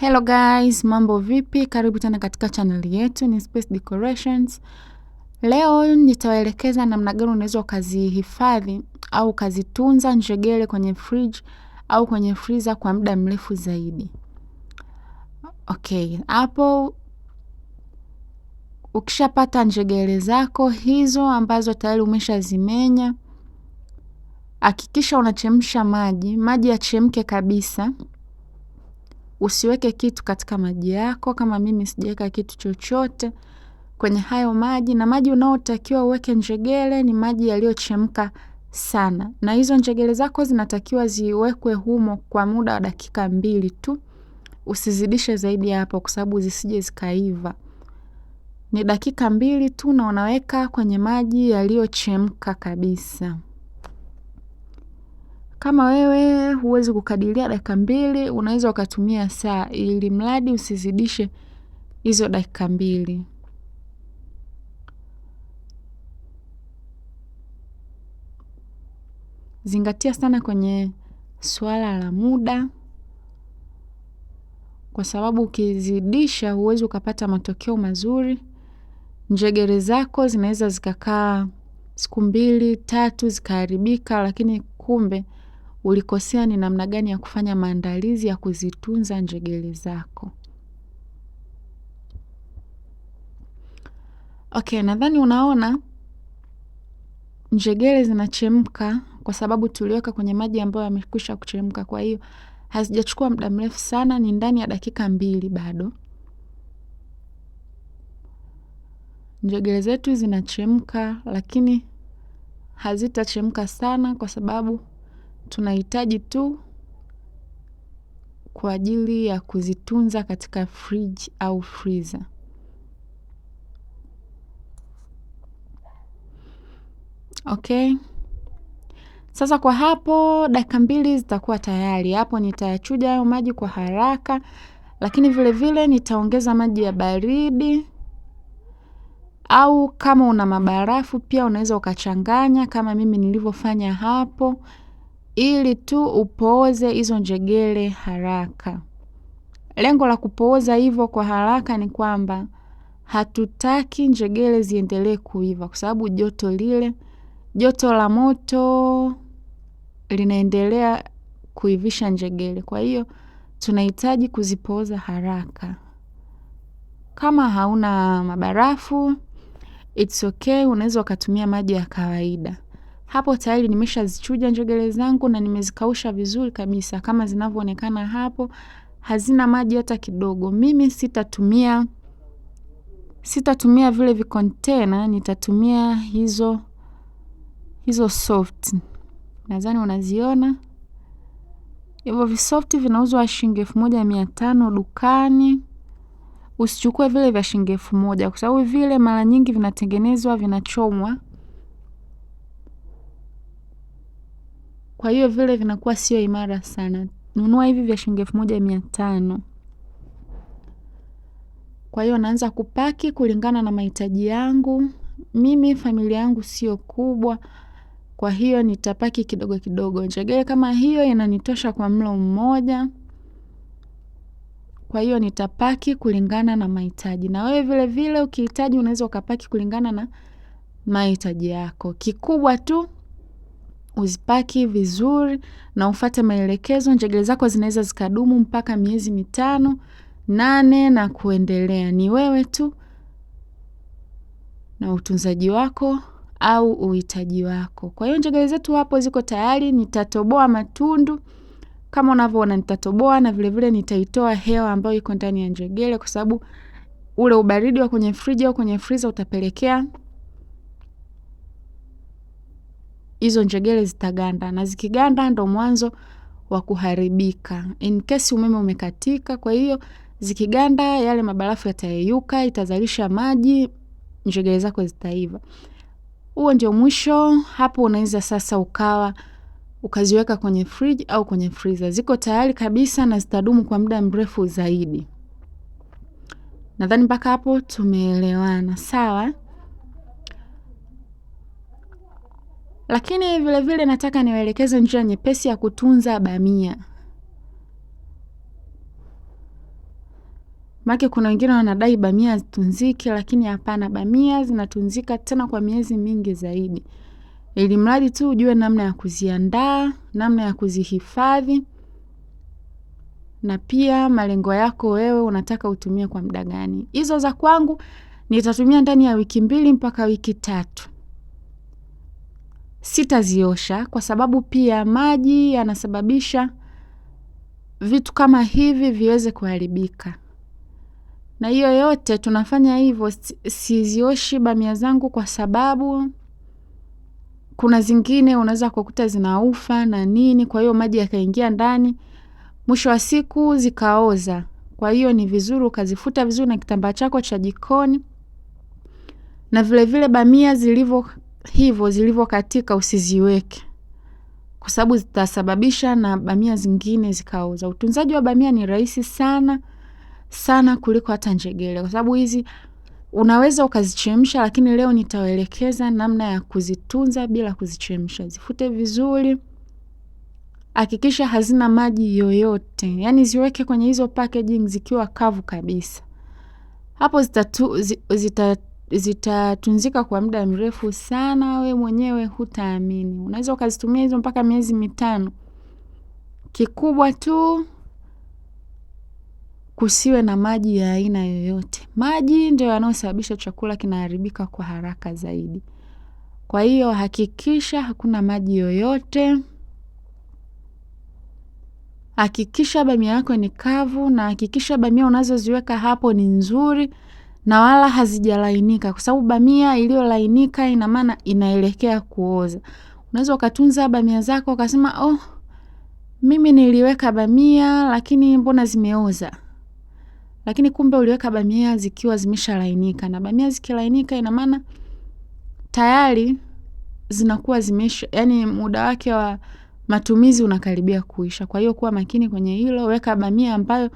Hello guys, mambo vipi? Karibu tena katika chaneli yetu ni Space Decorations. Leo nitawaelekeza namna gani unaweza ukazihifadhi au ukazitunza njegere kwenye fridge au kwenye freezer kwa muda mrefu zaidi. Okay, hapo ukishapata njegere zako hizo ambazo tayari umeshazimenya, hakikisha unachemsha maji, maji yachemke kabisa Usiweke kitu katika maji yako, kama mimi sijaweka kitu chochote kwenye hayo maji. Na maji unaotakiwa uweke njegere ni maji yaliyochemka sana, na hizo njegere zako zinatakiwa ziwekwe humo kwa muda wa dakika mbili tu, usizidishe zaidi ya hapo, kwa sababu zisije zikaiva. Ni dakika mbili tu, na unaweka kwenye maji yaliyochemka kabisa. Kama wewe huwezi kukadiria dakika mbili, unaweza ukatumia saa, ili mradi usizidishe hizo dakika mbili. Zingatia sana kwenye swala la muda, kwa sababu ukizidisha huwezi ukapata matokeo mazuri. Njegere zako zinaweza zikakaa siku mbili tatu zikaharibika, lakini kumbe ulikosea ni namna gani ya kufanya maandalizi ya kuzitunza njegele zako. Okay, nadhani unaona njegele zinachemka kwa sababu tuliweka kwenye maji ambayo yamekwisha kuchemka. Kwa hiyo hazijachukua muda mrefu sana, ni ndani ya dakika mbili bado. Njegele zetu zinachemka, lakini hazitachemka sana kwa sababu tunahitaji tu kwa ajili ya kuzitunza katika fridge au freezer. Okay. Sasa kwa hapo dakika mbili zitakuwa tayari. Hapo nitayachuja hayo maji kwa haraka, lakini vile vile nitaongeza maji ya baridi, au kama una mabarafu pia unaweza ukachanganya kama mimi nilivyofanya hapo ili tu upooze hizo njegere haraka. Lengo la kupooza hivyo kwa haraka ni kwamba hatutaki njegere ziendelee kuiva, kwa sababu joto lile, joto la moto linaendelea kuivisha njegere. Kwa hiyo tunahitaji kuzipooza haraka. Kama hauna mabarafu, it's okay, unaweza ukatumia maji ya kawaida. Hapo tayari nimeshazichuja njegere zangu na nimezikausha vizuri kabisa kama zinavyoonekana hapo, hazina maji hata kidogo. Mimi sitatumia sitatumia vile vikontena, nitatumia hizo hizo soft, nadhani unaziona hivyo visoft vinauzwa shilingi elfu moja mia tano dukani. Usichukue vile vya shilingi elfu moja kwa sababu vile mara nyingi vinatengenezwa vinachomwa Kwa hiyo vile vinakuwa sio imara sana. Nunua hivi vya shilingi elfu moja mia tano. Kwa hiyo naanza kupaki kulingana na mahitaji yangu. Mimi familia yangu sio kubwa, kwa hiyo nitapaki kidogo kidogo. Njegere kama hiyo inanitosha kwa mlo mmoja, kwa hiyo nitapaki kulingana na mahitaji. Na wewe vile vile ukihitaji unaweza ukapaki kulingana na mahitaji yako. Kikubwa tu uzipaki vizuri na ufate maelekezo. Njegere zako zinaweza zikadumu mpaka miezi mitano, nane na kuendelea. Ni wewe tu na utunzaji wako au uhitaji wako. Kwa hiyo njegere zetu hapo ziko tayari. Nitatoboa matundu kama unavyoona, nitatoboa na vilevile nitaitoa hewa ambayo iko ndani ya njegere, kwa sababu ule ubaridi wa kwenye friji au kwenye friza utapelekea hizo njegele zitaganda, na zikiganda ndo mwanzo wa kuharibika in case umeme umekatika. Kwa hiyo zikiganda, yale mabarafu yatayeyuka, itazalisha maji, njegele zako zitaiva. Huo ndio mwisho. Hapo unaweza sasa ukawa ukaziweka kwenye friji au kwenye friza, ziko tayari kabisa na zitadumu kwa muda mrefu zaidi. Nadhani mpaka hapo tumeelewana, sawa? Lakini vile vile nataka niwaelekeze njia nyepesi ya kutunza bamia. make kuna wengine wanadai bamia zitunzike lakini hapana, bamia zinatunzika tena kwa miezi mingi zaidi, ili mradi tu ujue namna ya kuziandaa, namna ya kuzihifadhi na pia malengo yako wewe, unataka utumie kwa muda gani. Hizo za kwangu nitatumia ndani ya wiki mbili mpaka wiki tatu sitaziosha kwa sababu pia maji yanasababisha vitu kama hivi viweze kuharibika. Na hiyo yote tunafanya hivyo, sizioshi bamia zangu kwa sababu kuna zingine unaweza kukuta zinaufa na nini, kwa hiyo maji yakaingia ndani, mwisho wa siku zikaoza. Kwa hiyo ni vizuri ukazifuta vizuri na kitambaa chako cha jikoni, na vilevile bamia zilivyo hivyo zilivyokatika usiziweke kwa sababu zitasababisha na bamia zingine zikaoza. Utunzaji wa bamia ni rahisi sana sana kuliko hata njegere, kwa sababu hizi unaweza ukazichemsha, lakini leo nitawaelekeza namna ya kuzitunza bila kuzichemsha. Zifute vizuri, hakikisha hazina maji yoyote, yaani ziweke kwenye hizo packaging zikiwa kavu kabisa. Hapo zitatu, zi, zita zitatunzika kwa muda mrefu sana, we mwenyewe hutaamini. Unaweza ukazitumia hizo mpaka miezi mitano. Kikubwa tu kusiwe na maji ya aina yoyote. Maji ndio yanayosababisha chakula kinaharibika kwa haraka zaidi. Kwa hiyo hakikisha hakuna maji yoyote. Hakikisha bamia yako ni kavu na hakikisha bamia unazoziweka hapo ni nzuri na wala hazijalainika, kwa sababu bamia iliyolainika ina maana inaelekea kuoza. Unaweza ukatunza bamia zako ukasema, oh, mimi niliweka bamia lakini mbona zimeoza lakini kumbe uliweka bamia zikiwa zimeshalainika, na bamia zikilainika, ina maana tayari zinakuwa zimesha, yani muda wake wa matumizi unakaribia kuisha. Kwa hiyo kuwa makini kwenye hilo, weka bamia ambayo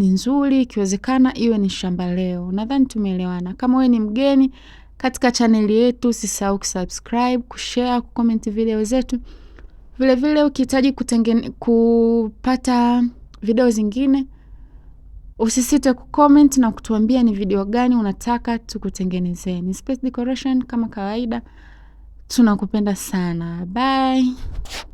ni nzuri, ikiwezekana iwe ni shamba leo. Nadhani tumeelewana. Kama wewe ni mgeni katika chaneli yetu, usisahau kusubscribe, kushare, kucomment video zetu. Vilevile ukihitaji kupata video zingine usisite kucomment na kutuambia ni video gani unataka tukutengenezeni. Space Decoration kama kawaida tunakupenda sana. Bye.